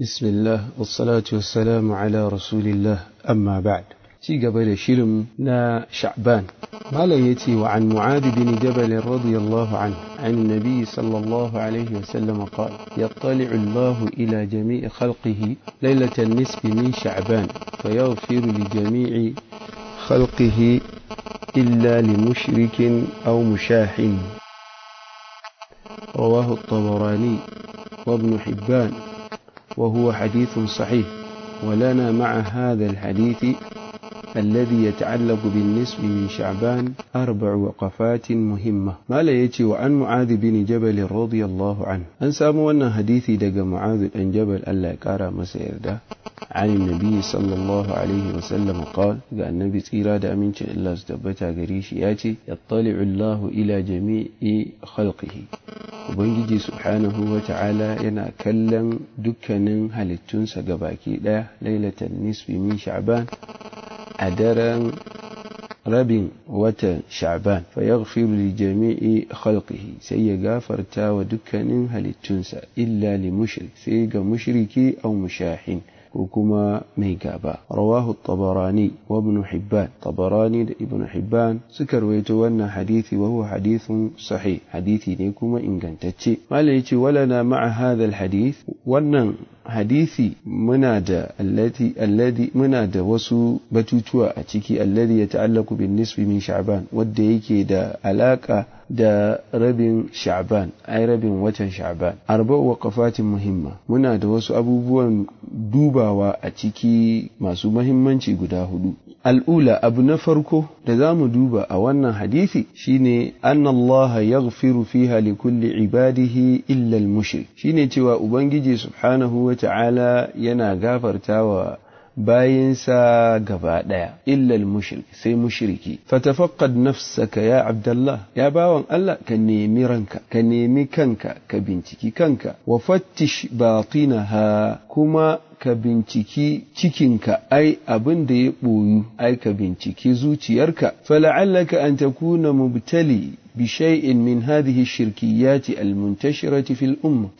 بسم الله والصلاة والسلام على رسول الله أما بعد تيقبل شرم نا شعبان ما ليتي وعن معاذ بن جبل رضي الله عنه عن النبي صلى الله عليه وسلم قال يطلع الله إلى جميع خلقه ليلة النصف من شعبان فيغفر لجميع خلقه إلا لمشرك أو مشاح رواه الطبراني وابن حبان وهو حديث صحيح ولنا مع هذا الحديث الذي يتعلق بالنسب من شعبان أربع وقفات مهمة ما لا يتي وعن معاذ بن جبل رضي الله عنه أن أن حديثي دق معاذ بن جبل ألا مسير ده عن النبي صلى الله عليه وسلم قال قال النبي تيرا دا شاء الله استبتا قريش ياتي يطلع الله إلى جميع خلقه ubangiji subhanahu wa ta'ala yana kallon dukkanin halittunsa ga baki ɗaya lailatan nisfi min sha'ban a daren rabin watan sha'ban fa yaghfiru li jami'i khalqihi sai ya gafarta wa dukkanin halittunsa illa li mushrik sai ga mushriki au mushahin ko mai gaba rawahu tabarani wabnu ibn hibban tabarani da ibn hibban suka rawaito wannan hadisi wa huwa hadithun sahih hadisi ne kuma ingantacce malai yace wala na ma'a hadha hadith wannan hadisi muna da allati muna da wasu batutuwa a ciki alladi ya ta'allaku bin nisfi min sha'ban wanda yake da alaka da rabin sha'ban ai rabin watan sha'ban arba waqafatin muhimma muna da wasu abubuwan dubawa a ciki masu muhimmanci guda hudu al'ula abu na farko da za mu duba a wannan hadisi shine an Allah ya gafiru fiha kulli ibadihi illal mushrik shine cewa ubangiji subhanahu wa ta'ala yana wa bayinsa gaba ɗaya illal mushrik sai mushriki fatafaqqad nafsaka ya abdullah ya bawan Allah ka nemi ranka ka nemi kanka ka binciki kanka wa fattish batinaha kuma ka binciki cikinka ai abin da ya ɓoyu ai ka binciki zuciyarka fala'allaka an takuna mubtali hadihi, بشيء من هذه الشركيات المنتشرة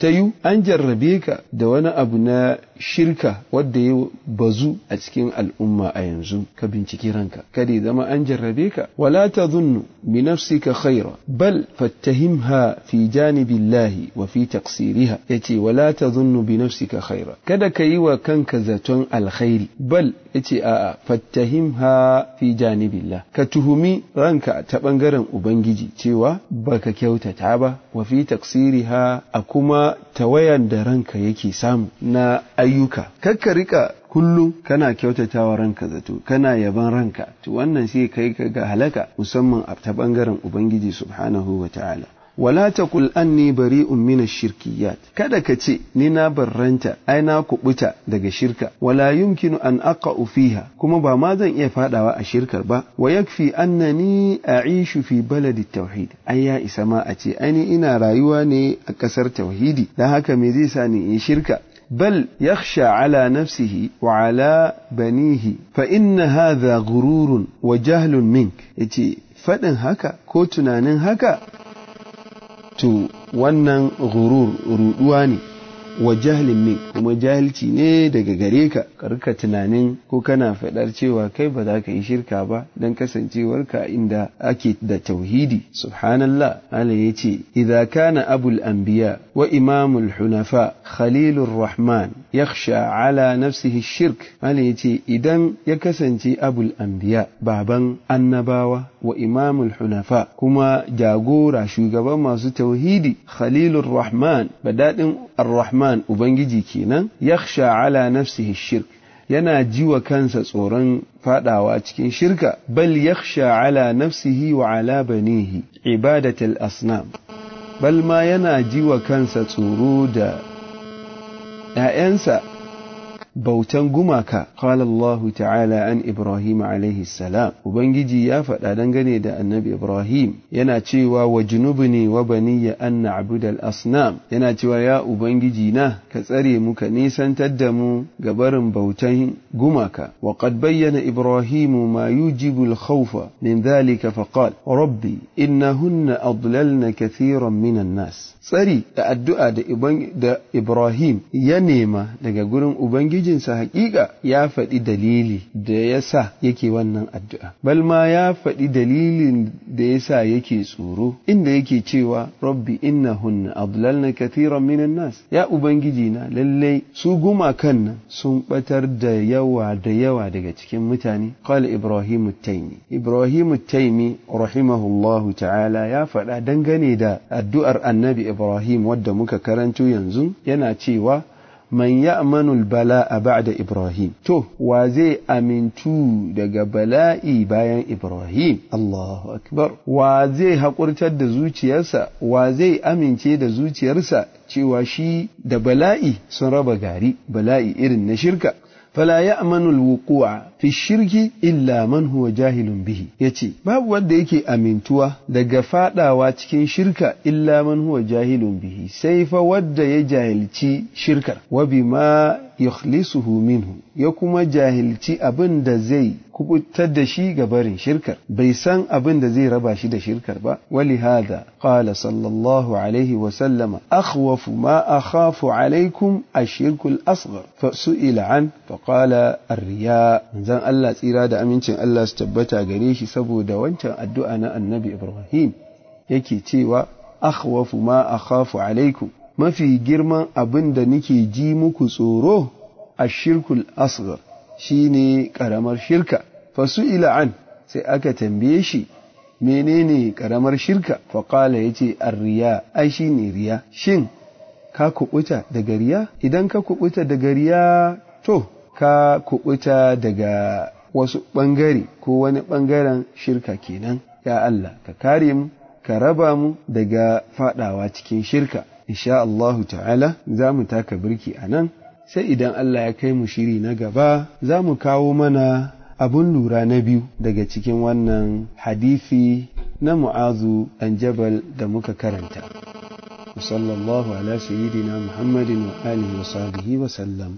An jarrabe ka. Da wani abu na shirka wadda ya bazu a cikin al'umma a yanzu ka binciki ranka kada zama an jarrabe ka wala ta zunnu bi nafsika khaira bal fattahimha fi janibillahi wa fi taqsiriha yace wala ta zunnu bi nafsika khaira kada ka yi wa kanka zaton alkhairi bal yace a'a fattahimha fi janibillah ka tuhumi ranka ta ɓangaren ubangiji cewa baka kyautata ba wa fi taksiriha a kuma tawayan da ranka yake samu na ayyuka kakka rika kullum kana kyautata wa ranka zato kana yaban ranka to wannan sai kai ka ga halaka musamman a ta ɓangaren ubangiji subhanahu wa ta'ala wala taqul anni bari'un min shirkiyat kada ka ce ni na barranta ai na kubuta daga shirka wala yumkinu an aqa'u fiha kuma ba ma zan iya faɗawa a shirkar ba Wayakfi yakfi annani a'ishu fi baladi tauhid ai ya isa ma a ce ai ina rayuwa ne a ƙasar tauhidi Da haka me zai sa ni in shirka Bal بل يخشى على banihi. Fa بنيه فإن gururun غرور وجهل منك يتي faɗin haka ko tunanin haka to wannan ghurur ruduwa ne wa jahlin min kuma jahilci ne daga gare ka karka tunanin ko kana faɗar cewa kai ba za ka yi shirka ba don kasancewarka inda ake da tauhidi subhanallah Allah ya ce idza kana abul anbiya wa imamul hunafa khalilur rahman yakhsha ala nafsihi shirk Allah ya ce idan ya kasance abul anbiya baban annabawa wa imamul hunafa kuma jagora shugaban masu tauhidi khalilur rahman badadin ar-rahman rahman ubangiji kenan yakhsha ala nafsihi shirk yana ji wa kansa tsoron fadawa cikin shirka bal yakhsha ala nafsihi wa ala banihi ibadatul asnam bal ma yana jiwa kansa tsoro da ‘ya'yansa bautan gumaka qala Allah ta'ala an Ibrahim alayhi salam ubangiji ya faɗa dangane da annabi Ibrahim yana cewa wa junubni wa baniya an na'budu al-asnam yana cewa ya ubangiji na ka tsare mu ka nisantar da mu ga barin bautan gumaka wa qad bayyana Ibrahim ma yujibu al-khawfa min dhalika fa qala rabbi innahunna adlalna kathiran min an-nas tsari da addu'a da Ibrahim ya nema daga gurin ubangiji sa haƙiƙa ya faɗi dalili da ya sa yake wannan addu'a Balma ya faɗi dalilin da ya sa yake tsoro inda yake cewa rabbi hunna, inna Abdullal na kathiran minan nas ya ubangiji na lallai su gumakan nan sun ɓatar da yawa da yawa daga cikin mutane kwal ibrahim taimi ibrahim taimi rahimahullahu ta'ala ya faɗa dangane da addu'ar annabi ibrahim wadda muka karanto yanzu yana cewa man ya bala a ba'da Ibrahim to wa zai amintu daga bala'i bayan Ibrahim Allahu akbar wa zai haƙurtar da zuciyarsa wa zai amince da zuciyarsa cewa shi da bala'i sun raba gari bala'i irin na shirka fala ya'manu alwuqu'a fi shirki illa man huwa jahilun bihi ce babu wanda yake amintuwa daga fadawa cikin shirka illa man huwa jahilun bihi sai fa wadda ya jahilci shirkar wa bima يخلصه منه يكما جاهل تي أبن دزي كبتر دشي غبار شركر بيسان أبن دزي رباشي دا شركر با ولهذا قال صلى الله عليه وسلم أخوف ما أخاف عليكم الشرك الأصغر فسئل عنه فقال الرياء زان الله إرادة أمين تن الله استبتا غريش سبو دوان تن أدو النبي إبراهيم يكي تيوا أخوف ما أخاف عليكم mafi girman abin da nake ji muku tsoro a shirkul asghar shine ƙaramar shirka fasu an sai aka tambaye shi menene ƙaramar shirka faƙala ya ce riya ai ne riya shin ka kuɓuta daga riya idan ka kuɓuta daga riya to ka kuɓuta daga wasu ɓangare ko wani ɓangaren shirka kenan ya Allah ka kare mu ka raba mu daga faɗawa cikin shirka insha Allahu ta'ala za mu taka birki a nan sai idan Allah ya kai mu shiri na gaba za mu kawo mana abun lura na biyu daga cikin wannan hadisi na mu'azu ɗan jabal da muka karanta sallallahu ala sayyidina muhammadin wa alihi wa wa sallam